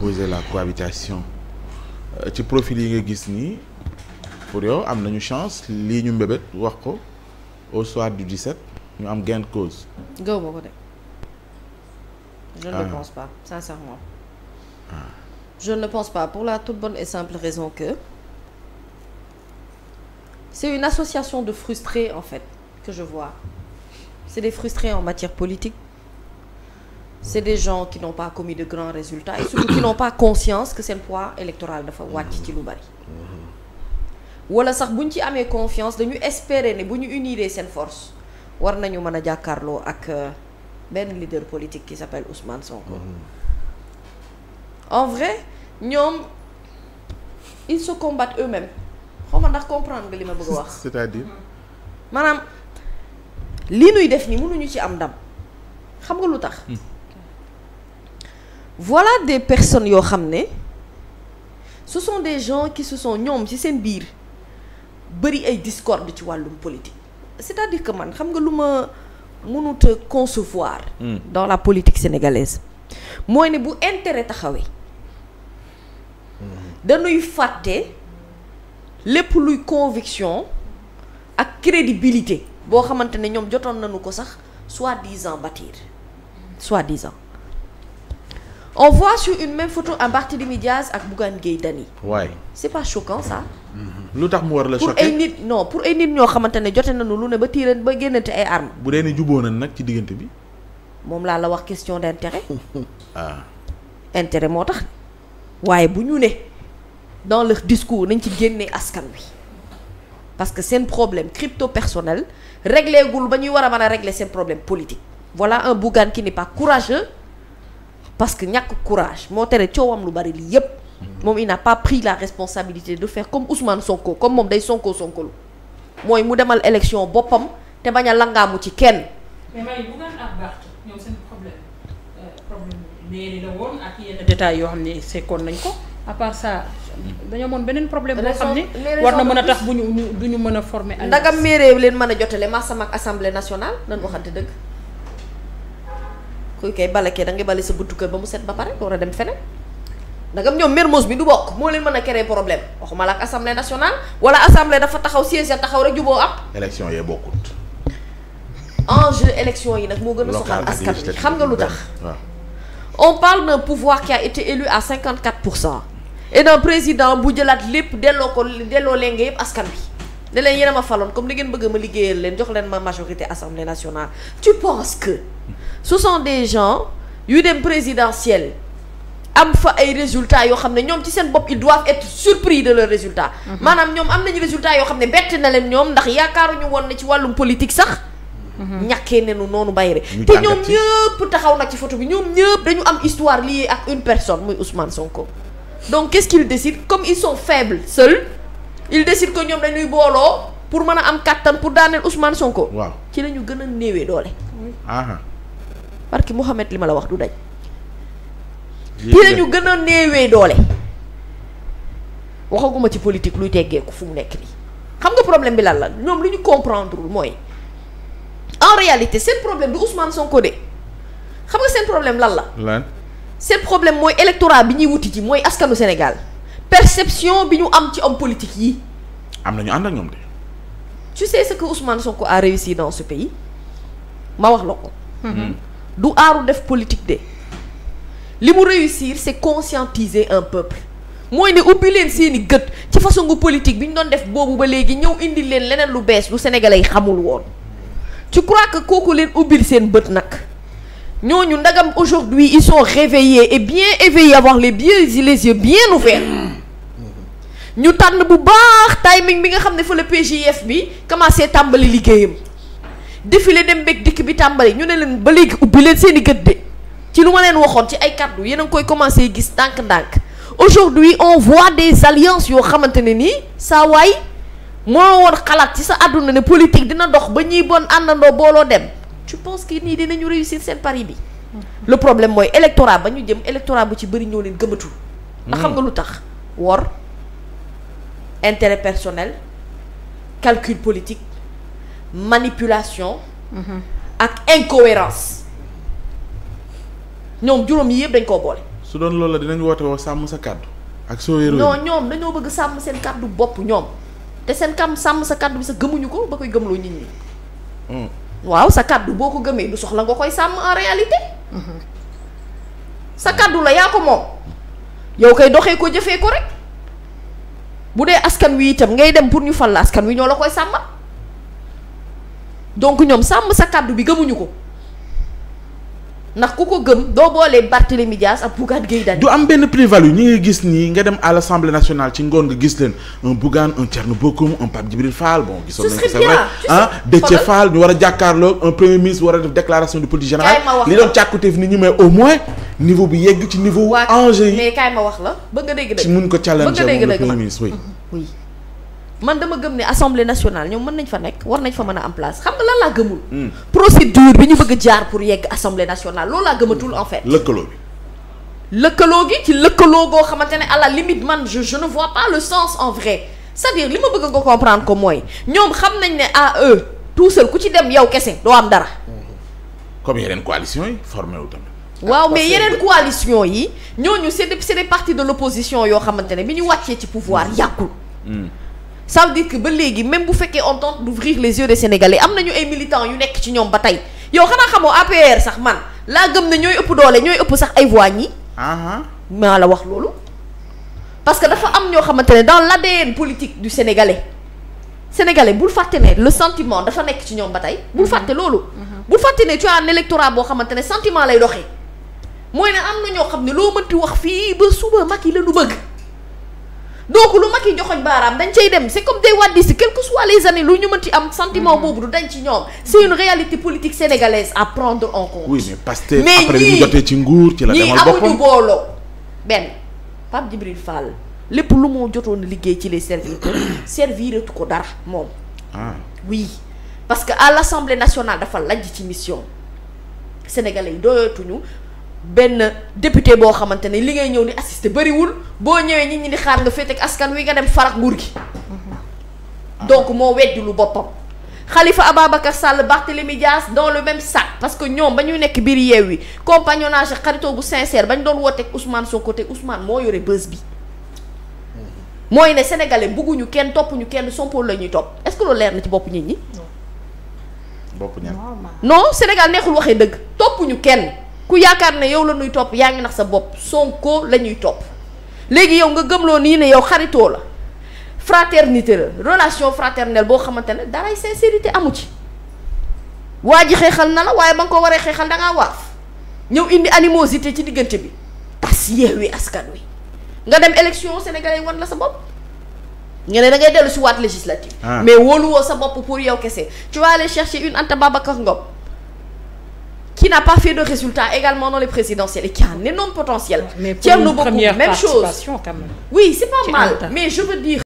imposer la cohabitation euh, ci profil yi nga gis nii pour yow am nañu chance lii ñu mbébét wax ko au soir du 17 ñu am gain de cause. gaw ma ko je ne le ah. pense pas sincèrement. Ah. je ne pense pas pour la toute bonne et simple raison que c'est une association de frustrés en fait que je vois c'est des frustrés en matière politique. c'est des gens qui n'ont pas commis de grands résultats et surtout qui n'ont pas conscience que seen poids électoral dafa wàcc ci lu bari. wala sax bu ñu ci amee confiance dañu espérer ne bu ñu unir seen force war nañu mën a jàkkaarloo ak euh, benn leader politique qui s'appelle Ousmane Sonko. en vrai ñoom ils se combattent eux-mêmes ndax comprendre nga li ma bëgg a wax. cest à maanaam li nuy def ni mënuñu ci am ndam xam nga lu tax. Hmm. voilà des personnes yoo xam ne ce des gens ki se sont ñoom ci seen biir bëri ay discorde ci wàllum politique c'est-à-dire que man xam nga lu ma mënut a concevoir hmm. dans la politique sénégalaise mooy ne bu intérêt taxawee hmm. dañuy fàtte lépp luy conviction ak crédibilité boo xamante ne ñoom jotoon nañu ko sax soit soi-disant soit soi-disant on voit sur une même photo en Barthélémy Diaz ak Bougane Gueye Dany. waay c'est pas choquant ça. Mm-hmm. lu tax mu war la choquer pour ay nit non pour ay nit ñoo xamante ne jote nañu lu ne ba tiiran ba génnante ay armes. bu dee ni juboo nañ nag ci diggante bi. moom laa la wax question d'intérêt. ah. moo tax waaye bu ñu ne dans leur discours nañ ci génnee askan wi parce que seen problème crypto personnel réglé gul ba ñuy war a mën a régler seen problème politique. voilà un Bougane parce que ñàkk courage moo tere coowam lu bari lii yépp moom il n'a pas pris la responsabilité du faire comme Ousmane Sonko comme moom day Sonko Sonko lu mooy mu demal élection boppam te bañ a langaamu ci kenn. mais may bu ngaan yoo xam ne sekkoon nañ ko à part ça dañoo amoon beneen problème boo xam ne war na mën a tax bu ñu du ñu mën a forme former. ndagam mairie leen mën a jotale maasam ak assemblée nationale nañ waxante dëgg. kuy koy balakee da ngay bale sa buntu kër ba mu set ba pare door a dem feneen ndagam ñoom Mermoz bi du bokk moo leen mën a créer problème waxuma la ak assemblée nationale wala assemblée dafa taxaw siège taxaw rek juboo am. élection yee bokkut. enjeu yi nag moo gën a soxal askan wi xam nga lu tax. on parle na pouvoir qui a été élu à 54 pour cent et d'un président bu jëlaat lépp delloo ko delloo leen nga yëpp askan bi ne leen a ma faloon comme da ngeen bëgg ma liggéeyal leen jox leen ma majorité assemblée nationale tu penses que ce sont des gens yu dem présidentielle am fa ay résultats yoo xam ne ñoom ci seen bopp ils doivent être surpris de leurs résultats mhm. maanaam ñoom am nañu résultat yoo xam ne bett na leen ñoom ndax yaakaaruñu woon ne ci wàllum politique sax mhm. ñàkkee nu noonu bayre te ñoom ñëpp taxaw nag ci photo bi ñoom ñëpp dañu am histoire liée ak un personne muy Ousmane Sonko donc qu'est-ce qu'ils décident comme ils sont faibles seuls il décide que ñoom dañuy booloo pour mën a am kàttan pour daaneel Ousmane Sonko. waaw ci la ñu gën a néewee doole. parce que Mouhamed li ma la wax du daj. ci la gën a néewee doole. waxaguma ci politique luy teggeeku fu mu nekk nii. xam nga problème bi lan la ñoom lu ñu comprendre mooy en réalité seen problème du Ousmane Sonko de xam nga seen problème lan la. lan seen problème mooy électorat bi ñuy wuti ci mooy askanu Sénégal. perception bi ñu am ci homme politique yi. am na ñu ànd ak ñoom de. tu sais ko que Ousmane Sonko a réussi dans ce pays ma wax la ko. Hmm. Hmm. du aaru def politique de li mu réussir c'est conscientiser un peuple. mooy ne ubbi leen seeni gët ci façon gu politique bi ñu doon def boobu ba léegi ñëw indi leen leneen lu bees lu sénégalais yi xamul woon tu crois que kooku leen ubbil seen bët nag ñooñu ndagam aujourd'hui i son réveillés et bien éveillés avoir les biens les yeux bien ouverts ñu tànn bu baax timing bi nga xam ne fa la bi commencé tàmbali liggéeyam défilé dem beeg dikk bi tàmbali ñu ne leen ba léegi ubbi leen seen i gët de ci lu ma leen waxoon ci ay kàddu yéen a ngi koy commencé gis ndànk-ndànk aujourd'hui on voit des alliances yoo xamante ne nii saa waay moo woon xalaat ci sa àdduna ne politique dina dox ba ñuy bon àndandoo booloo dem je pense que nii dinañu réussir seen pari bi le problème mooy électorat ba ñu jëm électorat bu ci bëri ñoo leen gëmatul. ndax xam lu tax wor. intérêt personnel calcul politique manipulation mhm. ak incohérence ñoom juróom yi yëpp dañ koo boole su doon loolu la dinañ woote woo sàmm sa kàddu ak soo yëroo ñoom dañoo bëgg sàmm seen kàddu bopp ñoom te seen kam sàmm sa kàddu bi sa gëmuñu ko ba koy gëmloo nit ñi mm. waaw sa kàddu boo ko gëmee du soxla nga koy sàmm en réalité mhm. sa kàddu la yaa ko moom yow koy doxee ko jëfee ko rek bu dee askan wi itam ngay dem pour ñu fal la askan wi ñoo la koy sàmm donc ñoom sàmm sa kàddu bi gëmuñu ko ndax ku ko gëm doo boolee Barthélémy Dias ak Bougane Gueye Dany du am benn plus-value ñi nga gis nii nga dem àll l'Assemblée nationale ci ngoon nga gis leen un Bougane un Thierno Bocoum un Pape Djibril Fall bon gisoon nañ ko c'est vrai ah Déthié Fall ñu war a jàkkaarloog un premier ministre war a def déclaration de politique générale li doon càkkuteef nit ñi mais au moins niveau bi yegg ci niveau. enjeu yi mais kaay ma wax la bëgg a dégg dëgg. ci mun ko challenger moom le premier ministre man dama gëm ne assemblée nationale ñoom mën nañ fa nekk war nañ fa mën a place xam nga lan laa gëmul. Hmm. procédure bi ñu bëgg a pour yegg assemblée nationale loolu laa gëmatul en lëkkaloo lëkkaloo gi ci lëkkaloo goo xamante ne à la man je je ne vois le sens en vrai c'est-à-dire li ma bëgg nga comprendre ko mooy ñoom xam nañ ne à eux tout ku ci dem yow kese doo am dara. comme yeneen coalition yi waaw mais yeneen coalition yi ñooñu c'est des c'est des partis de l'opposition yoo xamante ne bi ñu wàccee ci pouvoir mm. yàggul mm. ça veut dire que ba léegi même bu fekkee on tente d'ouvrir les yeux des Sénégalais am nañu ay militants yu nekk ci ñoom ba tey yow xanaa xamoo APR sax man laa gëm ne ñooy ëpp doole ñooy ëpp sax ay voix ñi maa la wax loolu parce que dafa am ñoo xamante ne dans l'ADN politique du Sénégalais Sénégalais bul fàtte ne le sentiment dafa nekk ci ñoom ba tey bul mm-hmm. fàtte loolu mm-hmm. bul fàtte ne tu as un xamante ne sentiment lay doxee mooy ne am na ñoo xam ne loo mënti wax fii ba suba Macky la nu bëgg donc lu Macky joxoñ baaraam dañ cay dem c'est comme des waddisti quelles que soient les années lu ñu mënti am sentiment mm-hmm. boobu du dañ ci ñoom c'est une réalité politique sénégalaise a prendre en compte oui mais Pastef après ñu jotee ci nguur ci la demal boppam ñii amuñu booloo benn Pape Djibril Fall lépp lu moo jotoon liggéey ci les serviteurs serviratu ko dara moom ah oui parce que à l'Assemblée nationale dafa lajj ci mission sénégalais doyatuñu benn député boo xamante ne li ngay ñëw di assisté bëriwul boo ñëwee nit ñi di xaar nga féete ak askan wi nga dem farax nguur gi donc moo weddi lu boppam xalifa Ababacar Sall Barthélémy Dias dans le même sac parce que ñoom ba ñu nekk biir Yewwi compagnonnage xarito bu sincère bañ doon wooteeg Ousmane Sonko te Ousmane moo yore bës bi mooy ne sénégalais bugguñu kenn toppuñu kenn Sonko la ñuy topp est leer na ci bopp nit ñi. bopp ñan Sénégal neexul waxee dëgg toppuñu kenn. ku yaakaar ne yow la ñuy topp yaa ngi nax sa bopp Sonko la ñuy topp léegi yow nga gëmloo nii ne yow xaritoo la fraternité la relation fraternelle boo xamante ne daray sincérité amu ci waa ji xeexal na la waaye ba nga ko waree xeexal da ngaa waaf ñëw indi animosité ci diggante bi tas wi askan wi nga dem élection sénégalais wan la sa bopp nga ne da ngay dellu si waat législative ah. mais wooluwoo sa bopp pour yow kese tu vas aller chercher une Anta Babacar Ngom n'a pas fait de résultat également dans les présidentielles et qui a un énorme potentiel. Thierno Bocoum même chose. Oui, c'est pas mal, mais je veux dire